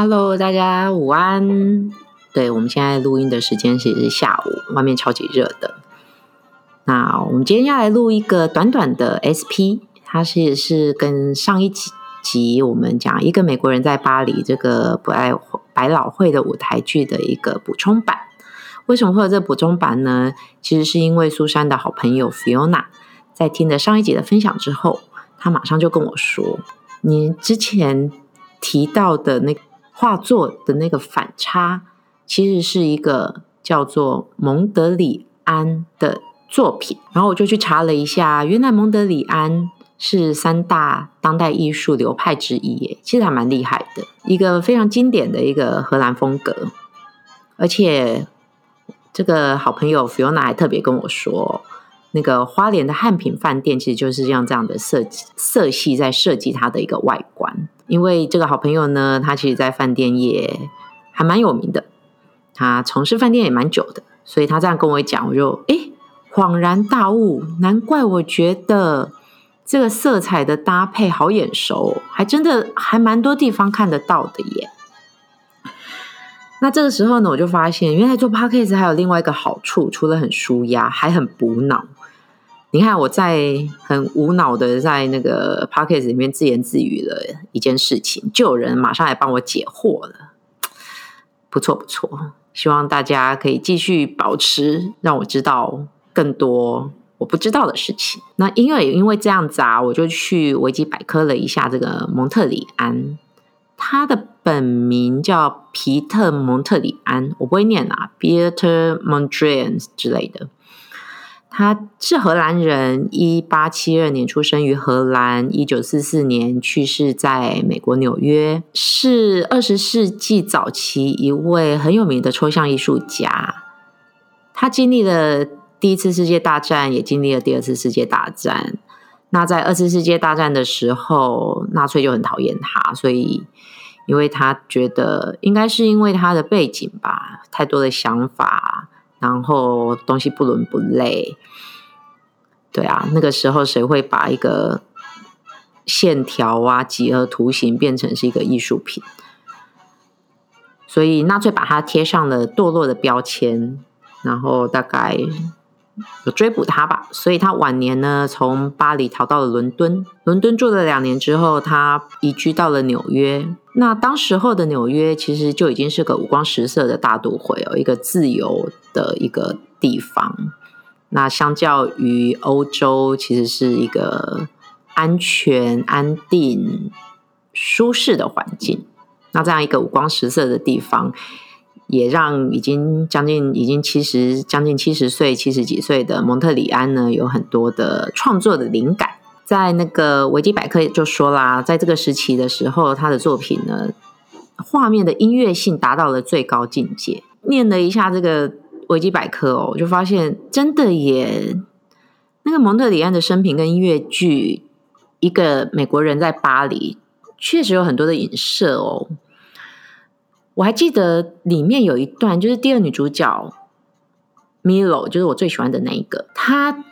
Hello，大家午安。對，我們現在錄音的時間其實是下午，外面超級熱的。那我們今天要來錄一個短短的 SP，它是是跟上一集集我們講一個美國人在巴黎這個不愛百老匯的舞台劇的一個補充版。為什麼會有這補充版呢？其實是因為蘇珊的好朋友 Fiona 在聽了上一集的分享之後，她馬上就跟我說：“你之前提到的那個”畫作的那個反差，其實是一個叫做蒙德里安的作品。然後我就去查了一下，原來蒙德里安是三大當代藝術流派之一，耶，其實還蠻厲害的。一個非常經典的一個荷蘭風格，而且這個好朋友 Fiona 還特別跟我說，那個花蓮的漢品飯店，其實就是像這，這樣的設計色系在設計它的一個外觀。因為這個好朋友呢，他其實在飯店也還蠻有名的，他從事飯店也蠻久的，所以他這樣跟我講，我就誒，恍然大悟，難怪我覺得這個色彩的搭配好眼熟，還真的還蠻多地方看得到的耶。那這個時候呢，我就發現，原來做 podcast 還有另外一個好處，除了很舒壓，還很補腦。你看我在很無腦的在那個 podcast 裡面自言自語了一件事情，就有人馬上來幫我解惑了，不錯不錯，希望大家可以繼續保持，讓我知道更多我不知道的事情。那因為因為這樣子啊，我就去維基百科了一下這個蒙特里安，他的本名叫皮特蒙特里安，我不會念啊，Peter Mondrian 之類的。他是荷蘭人，一八七二年出生於荷蘭，一九四四年去世在美國紐約，是二十世紀早期一位很有名的抽象藝術家。他經歷了第一次世界大戰，也經歷了第二次世界大戰。那在二次世界大戰的時候，納粹就很討厭他，所以因為他覺得應該是因為他的背景吧，太多的想法。然後東西不倫不類，對啊，那個時候誰會把一個線條啊、幾何圖形變成是一個藝術品？所以納粹把它貼上了墮落的標籤，然後大概，有追捕他吧，所以他晚年呢從巴黎逃到了倫敦。倫敦住了兩年之後，他移居到了紐約。那當時候的紐約其實就已經是個五光十色的大都會，有一個自由的一個地方。那相較於歐洲，其實是一個安全、安定、舒適的環境。那這樣一個五光十色的地方，也讓已經將近已經七十將近七十歲七十幾歲的蒙特里安呢，有很多的創作的靈感。在那個維基百科就說啦，在這個時期的時候，他的作品呢，畫面的音樂性達到了最高境界。念了一下這個維基百科哦，我就發現真的耶，那個蒙特里安的生平跟音樂劇，一個美國人在巴黎，確實有很多的影射哦。我還記得裡面有一段，就是第二女主角 Milo，就是我最喜歡的那一個。她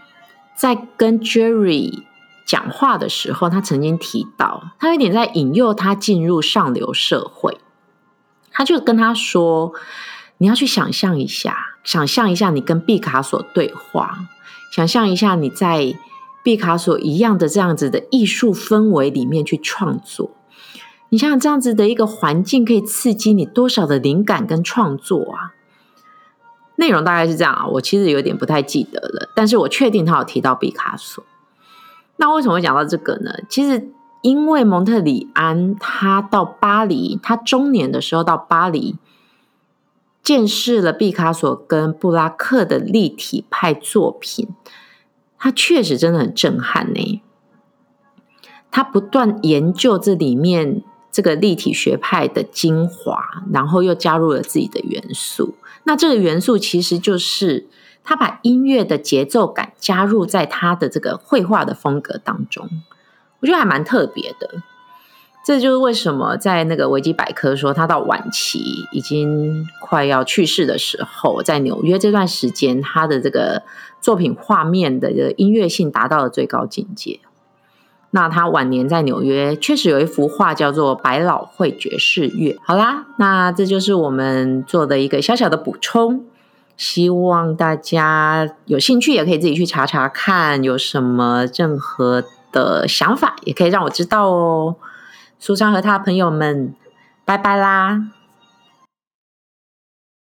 在跟 Jerry 講話的時候，她曾經提到，她有點在引誘他進入上流社會。她就跟他說：“你要去想象一下，想象一下你跟畢卡索對話，想象一下你在畢卡索一樣的這樣子的藝術氛圍裡面去創作。”你像這樣子的一個環境，可以刺激你多少的靈感跟創作啊？內容大概是這樣啊，我其實有點不太記得了，但是我確定他有提到畢卡索。那為什麼會講到這個呢？其實因為蒙德里安他到巴黎，他中年的時候到巴黎，見識了畢卡索跟布拉克的立體派作品，他確實真的很震撼呢、欸。他不斷研究這裡面。這個立體學派的精華，然後又加入了自己的元素。那這個元素其實就是他把音樂的節奏感加入在他的這個繪畫的風格當中，我覺得還蠻特別的。這就是為什麼在那個維基百科說他到晚期已經快要去世的時候，在紐約這段時間，他的這個作品畫面的音樂性達到了最高境界。那他晚年在紐約確實有一幅畫叫做《百老匯爵士樂》。好啦，那這就是我們做的一個小小的補充。希望大家有興趣也可以自己去查查看，有什麼任何的想法也可以讓我知道哦。蘇珊和她的朋友們，拜拜啦。